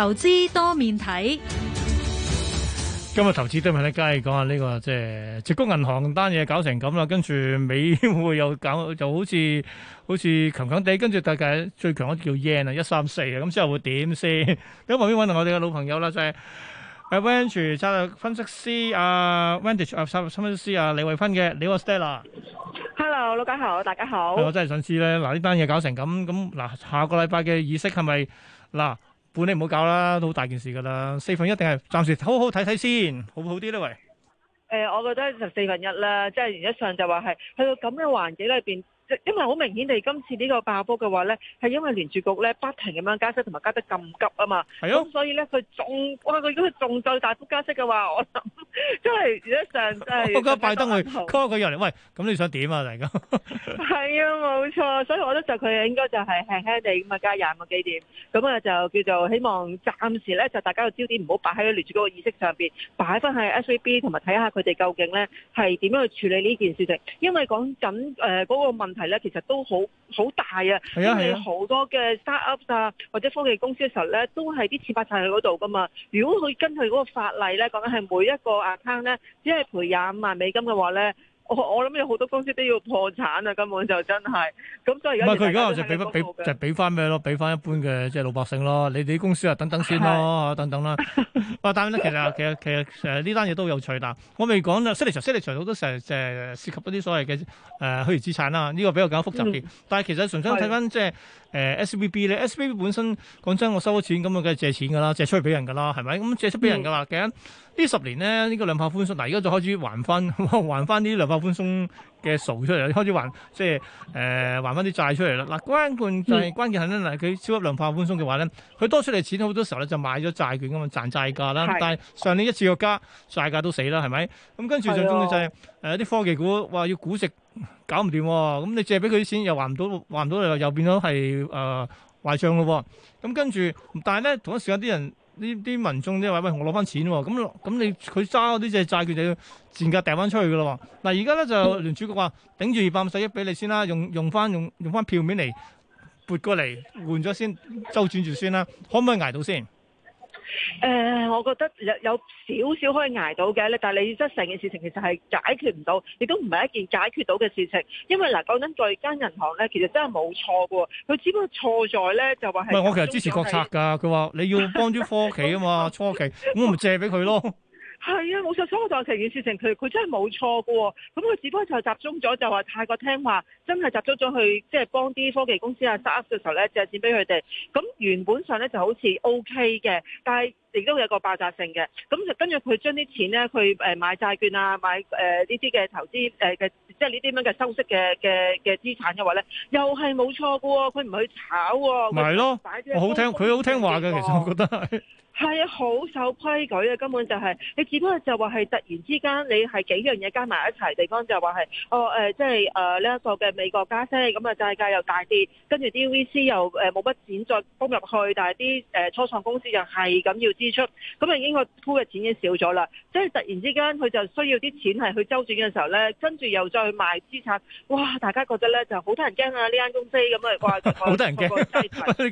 投資多面睇，今日投資都係咧，梗係，講下呢個即係矽谷銀行單嘢搞成咁啦，跟住美匯又搞，就好似好似強強地，跟住大家最強嗰啲叫 yen 啊，一三四啊，咁之後會點先？喺旁邊揾到我哋嘅老朋友啦，就係、是、Avantage 策略分析師啊 Avantage、啊啊、分析師啊，李慧芬嘅，你好 Stella，Hello，老姐好，大家好，啊、我真係想知咧，嗱呢單嘢搞成咁，咁嗱下個禮拜嘅議息係咪嗱？半你唔好搞啦，都好大件事噶啦。四分一定係暫時好好睇睇先，好唔好啲咧，喂。誒，我覺得十四分一啦，即係原則上就話係去到咁嘅環境裏邊。因為好明顯地，今次呢個爆煲嘅話咧，係因為聯儲局咧不停咁樣加息，同埋加得咁急啊嘛。係啊。咁所以咧，佢仲哇，佢如果佢仲夠大幅加息嘅話，我諗真係如果上世，係。嗰個拜登會 call 佢入嚟，喂，咁你想點啊？大家係啊，冇錯。所以我覺得該就佢應該就係輕輕地咁啊加廿個幾點，咁啊就叫做希望暫時咧就大家嘅焦點唔好擺喺聯儲局嘅意識上邊，擺翻喺 SVB 同埋睇下佢哋究竟咧係點樣去處理呢件事情。因為講緊誒嗰個問題。係咧，其實都好好大啊！因為好多嘅 startups 啊，或者科技公司嘅時候咧，都係啲錢擺曬喺嗰度噶嘛。如果佢根據嗰個法例咧，講緊係每一個 account 咧，只係賠廿五萬美金嘅話咧。我我諗有好多公司都要破產啊！根本就真係咁，所以而家唔係佢而家就俾翻俾就俾翻咩咯？俾翻一般嘅即係老百姓咯。你哋啲公司啊等等先咯，是是等等啦。 但係其實其實其實其實呢單嘢都有趣。嗱，我未講啦 securities securities 好多成涉及一啲所謂嘅誒虛擬資產啦。呢、呢個比較更加複雜啲。嗯、但係其實純粹睇翻即係。是誒、呃、SVB 咧，SVB 本身講真，我收咗錢咁啊，梗係借錢㗎啦，借出去俾人㗎啦，係咪？咁、嗯、借出俾人㗎啦，其實咁呢十年咧，呢、呢個量化寬鬆，嗱，而家就開始還翻，還翻啲量化寬鬆嘅數出嚟，開始還即係誒還翻啲債出嚟啦。嗱，關鍵就係關鍵係咧，嗱，佢超級量化寬鬆嘅話咧，佢多出嚟錢好多時候咧，就買咗債券咁嘛，賺債價啦。是但係上年一次個加債價都死啦，係咪？咁、嗯、跟住就中咗掣，誒啲的、呃、科技股話要估值。搞唔掂喎，咁你借俾佢啲錢又還唔到，還唔到又又變咗係誒壞帳咯、哦。咁、嗯、跟住，但係咧同一時間啲人啲啲民眾即係話：喂，我攞翻錢喎、哦。咁咁你佢揸嗰啲隻債券就要賤價掟翻出去噶啦、哦。嗱，而家咧就聯儲局話，頂住二百五十億俾你先啦，用用翻用用翻票面嚟撥過嚟換咗先，周轉住先啦，可唔可以捱到先？誒、呃，我覺得有有少少可以捱到嘅，咧但係你即係成件事情其實係解決唔到，亦都唔係一件解決到嘅事情，因為嗱，講緊在間銀行咧，其實真係冇錯嘅，佢只不過錯在咧就話係。唔係，我其實支持國策噶，佢話你要幫啲科企啊嘛， 初期，咁我咪借俾佢咯。係啊，冇錯，所以我就係成件事情，佢佢真係冇錯喎。咁佢只不過就集中咗就話太過聽話，真係集中咗去即係、就是、幫啲科技公司啊 start-ups 嘅時候咧，借錢俾佢哋，咁原本上咧就好似 OK 嘅，但係，亦都有個爆炸性嘅，咁就跟住佢將啲錢咧，佢誒買債券啊，買誒呢啲嘅投資誒嘅、呃，即係呢啲咁嘅收息嘅嘅嘅資產嘅話咧，又係冇錯嘅喎，佢唔去炒，咪係咯，我好聽，佢好聽話嘅，其實我覺得係係好守規矩啊。根本就係、是、你只不過就話係突然之間你係幾樣嘢加埋一齊地方就、哦呃，就話係哦誒，即係誒呢一個嘅美國加息，咁、那、啊、個、債價又大跌，跟住 d VC 又誒冇乜錢再投入去，但係啲誒初創公司又係咁要。支出咁啊，應該鋪嘅錢已經少咗啦，即、就、係、是、突然之間佢就需要啲錢係去周轉嘅時候咧，跟住又再去賣資產，哇！大家覺得咧就好多、啊、人驚啊呢間公司咁啊，哇！好多人驚，呢好多人驚，係好多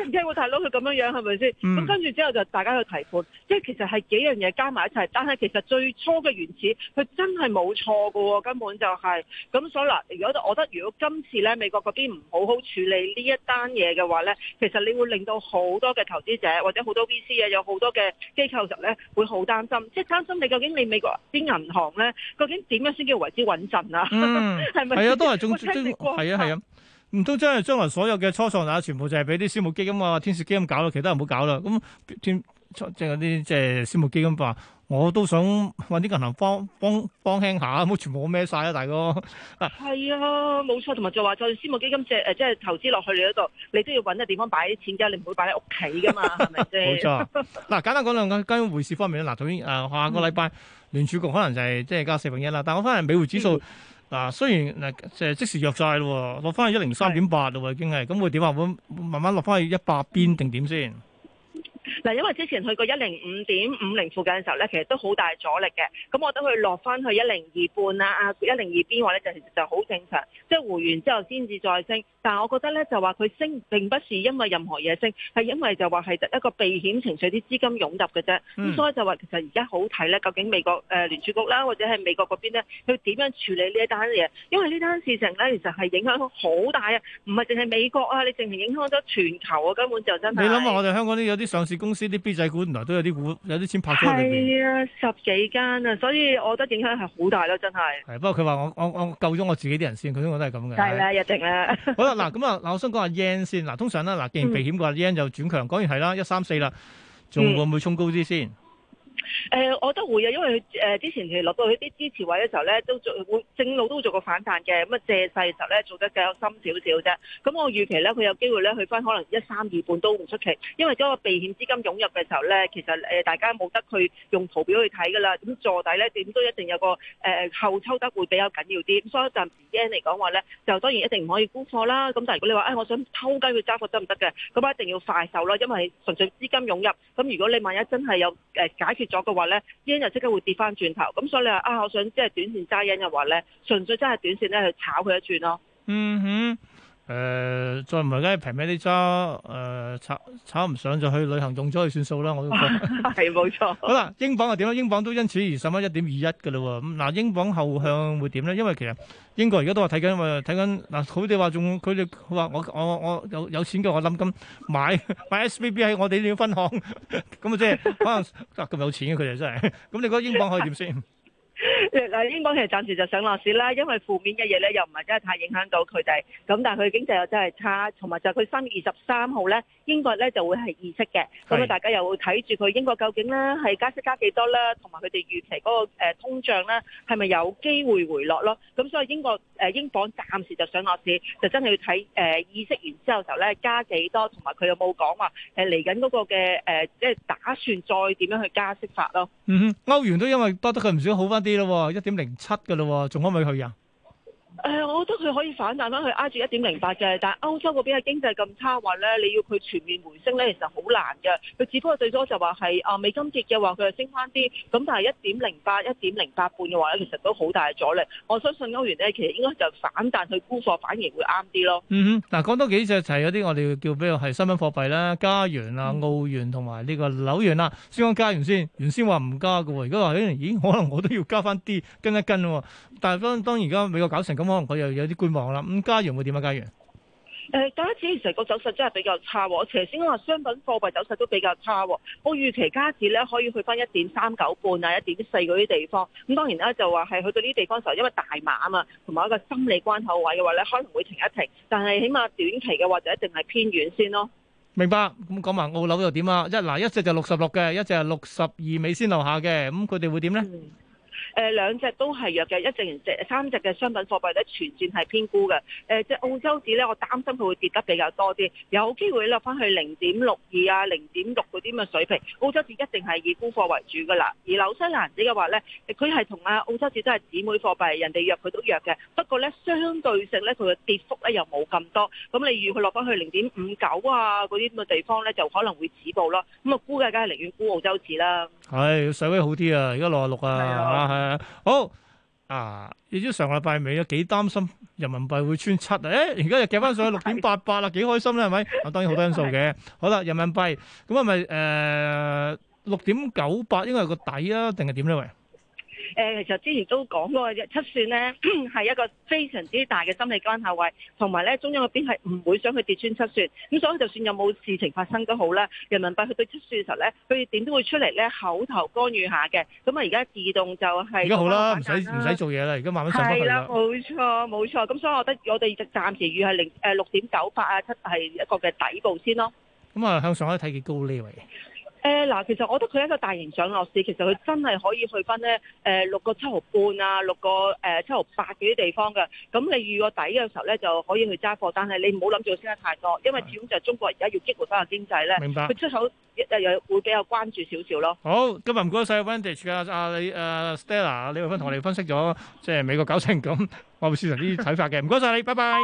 人驚喎大佬，佢咁樣樣係咪先？咁跟住之後就大家去提款，即係、嗯嗯嗯哦嗯嗯、其實係幾樣嘢加埋一齊，但係其實最初嘅原始佢真係冇錯㗎喎，根本就係、是、咁。所以嗱，如果我覺得如果今次咧美國嗰邊唔好好處理呢一單嘢嘅話咧，其實你會令到好多嘅投資者。或者好多 VC 啊，有好多嘅機構就咧會好擔心，即係擔心你究竟你美國啲銀行咧，究竟點樣先叫為之穩陣啊？係咪？係啊，都係仲係啊，係啊，唔通真係將來所有嘅初創啊，全部就係俾啲私募基金啊、天使基金搞咯，其他人唔好搞啦，咁、嗯、全。天即係嗰啲即係私募基金話，我都想搵啲銀行幫幫幫輕下，唔好全部孭晒啊！大哥，係 啊，冇錯，同埋就話再私募基金借誒，即係投資落去你嗰度，你都要搵啲地方擺啲錢，你唔會擺喺屋企噶嘛，係咪先？冇錯錯。嗱， 簡單講兩句關於匯市方面嗱，頭先誒下個禮拜聯儲局可能就係即係加四分一啦，但我翻嚟，美匯指數嗱、嗯，雖然嗱即係即時弱晒咯，落翻去一零三點八咯，已經係。咁會點啊？會慢慢落翻去一百邊定點先？嗱，因為之前去過一零五點五零附近嘅時候咧，其實都好大阻力嘅。咁我等佢落翻去一零二半啊，一零二邊話話咧，就其實就好正常。即係回完之後先至再升。但係我覺得咧，就話佢升並不是因為任何嘢升，係因為就話係一個避險情緒啲資金湧入嘅啫。咁、嗯、所以就話其實而家好睇咧，究竟美國誒、呃、聯儲局啦，或者係美國嗰邊咧，佢點樣處理呢一單嘢？因為呢單事情咧，其實係影響好大啊！唔係淨係美國啊，你淨係影響咗全球啊，根本就真係。你諗下，我哋香港啲有啲上市公司啲 B 仔股原來都有啲股有啲錢拍咗裏邊。係啊，十幾間啊，所以我覺得影響係好大咯，真係。係不過佢話我我我救咗我自己啲人先，佢應該都係咁嘅。係啦、啊，是一定啦。 好啦，嗱咁啊，嗱我想講下 yen 先。嗱，通常啦，嗱既然避險，過、嗯、yen 就轉強。講完係啦、啊，會會一三四啦，仲會唔會衝高啲先？誒、呃，我覺得會啊，因為佢誒、呃、之前其實落到去一啲支持位嘅時候咧，都做會正路都做過反彈嘅，咁啊借勢嘅時候咧，做得較深少少啫。咁我預期咧，佢有機會咧，去翻可能一三二半都唔出奇，因為嗰個避險資金湧入嘅時候咧，其實、呃、大家冇得去用圖表去睇㗎啦。咁坐底咧點都一定有個誒、呃、後抽得會比較緊要啲。咁所以暫時嘅嚟講話咧，就當然一定唔可以沽貨啦。咁但係如果你話誒、哎、我想偷雞去揸貨得唔得嘅？咁啊一定要快手啦，因為純粹資金湧入。咁如果你萬一真係有解決，咗嘅話咧，yen 又即刻會跌翻轉頭，咁所以你話啊，我想即係短線揸 yen 嘅話咧，純粹真係短線咧去炒佢一轉咯。嗯哼。誒、呃，再唔係咧平咩啲揸，誒、呃、炒炒唔上就去旅行用咗去算數啦，我都覺係冇錯。 錯 好啦，英鎊又點咧？英鎊都因此而上翻一點二一嘅咯喎。咁嗱，英鎊後向會點咧？因為其實英國而家都話睇緊，話睇緊嗱，佢哋話仲佢哋話我我我，我有有錢嘅，我諗咁買買，買 S V B 喺我哋呢啲分行，咁啊即係可能咁有錢嘅佢哋真係。咁你覺得英鎊可以點先？ 誒，英國其實暫時就上落市啦，因為負面嘅嘢咧，又唔係真係太影響到佢哋，咁但係佢經濟又真係差，同埋就佢三月二十三號咧，英國咧就會係議息嘅，咁樣是大家又會睇住佢英國究竟咧係加息加幾多啦，同埋佢哋預期嗰、那個誒、呃、通脹咧係咪有機會回落咯，咁所以英國誒、呃、英鎊暫時就上落市，就真係要睇誒議息完之後嘅時候咧加幾多，同埋佢有冇講話係嚟緊嗰個嘅誒即係打算再點樣去加息法咯。嗯哼，歐元都因為多得佢唔少好翻啲咯喎，一點零七嘅咯喎，仲可唔可以去啊？誒、哎，我覺得佢可以反彈翻去挨住一點零八嘅，但係歐洲嗰邊嘅經濟咁差話，話咧你要佢全面回升咧，其實好難嘅。佢只不過最多就話係啊美金跌嘅話，佢就升翻啲。咁但係一點零八、一點零八半嘅話咧，其實都好大阻力。我相信歐元咧，其實應該就反彈，去沽貨反而會啱啲咯。嗯哼，嗱講多幾隻，就係嗰啲我哋叫比如係新聞貨幣啦，加元啊、澳元同埋呢個紐元啦。先講加元先，原先話唔加嘅喎，而家話咦，可能我都要加翻啲跟一跟咯。但係當當而家美國搞成咁。可能佢又有啲觀望啦。咁加元會點啊？加元，誒，加紙其實個走勢真係比較差。我頭先講話商品貨幣走勢都比較差。我預期加紙咧可以去翻一點三九半啊，一點四嗰啲地方。咁當然啦，就話係去到呢啲地方嘅時候，因為大碼啊嘛，同埋一個心理關口位嘅話咧，可能會停一停。但係起碼短期嘅或者一定係偏軟先咯。明白。咁講埋澳樓又點啊？一嗱，一隻就六十六嘅，一隻係六十二尾先留下嘅。咁佢哋會點咧？誒兩隻都係弱嘅，一隻完隻三隻嘅商品貨幣咧全線係偏沽嘅。誒即係澳洲紙咧，我擔心佢會跌得比較多啲，有機會落翻去零點六二啊、零點六嗰啲咁嘅水平。澳洲紙一定係以沽貨為主㗎啦。而紐西蘭紙嘅話咧，佢係同啊澳洲紙都係姊妹貨幣，人哋弱佢都弱嘅。不過咧相對性咧，佢嘅跌幅咧又冇咁多。咁你預佢落翻去零點五九啊嗰啲咁嘅地方咧，就可能會止步咯。咁啊估計梗係寧願沽澳洲紙啦。係、哎，稍微好啲啊，而家六啊六啊，嗯、好啊！你知上個禮拜尾啊，幾擔心人民幣會穿七啊，誒、欸，而家又夾翻上去六點八八啦，幾 開心咧，係咪？啊，當然好多因素嘅。好啦，人民幣咁係咪誒六點九八？應該係、呃、個底啊，定係點咧？喂？誒，其實、呃、之前都講過七線咧，係一個非常之大嘅心理關口位，同埋咧，中央嗰邊係唔會想去跌穿七線，咁所以就算有冇事情發生都好啦，人民幣去到七線嘅時候咧，佢點都會出嚟咧口頭干預下嘅，咁啊而家自動就係而家好啦，唔使唔使做嘢啦，而家慢慢上翻去啦。係啦，冇錯冇錯，咁所以我覺得我哋就暫時預係零誒六點九八啊七係一個嘅底部先咯。咁啊、嗯、向上可睇幾高呢位。誒嗱，其實我覺得佢係一個大型上落市，其實佢真係可以去分咧，誒、呃、六個七毫半啊，六個誒、呃、七毫八嗰啲地方嘅。咁你預個底嘅時候咧，就可以去揸貨，但係你唔好諗住升得太多，因為始終就係中國而家要激活翻個經濟咧。明白。佢出口又又會比較關注少少咯。好，今日唔該晒。Wendy 啊，阿李、啊、Stella 李慧芬同我哋分析咗即係美國搞成咁，我會試下啲睇法嘅。唔該晒你， 拜拜。